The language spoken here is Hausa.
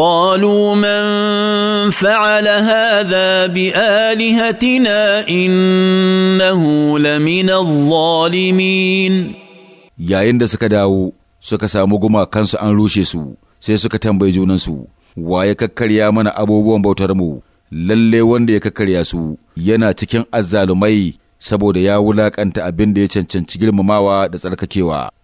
قالوا من فعل هذا بالهتنا انه لمن الظالمين yayin da suka dawo suka samu gumakansu an rushe su sai suka tambayi junansu wa ya kakkarya mana abubuwan bautar mu lalle wanda ya kakkarya su yana cikin azzalumai saboda ya wulakanta abin da ya cancanci girmamawa da tsarkakewa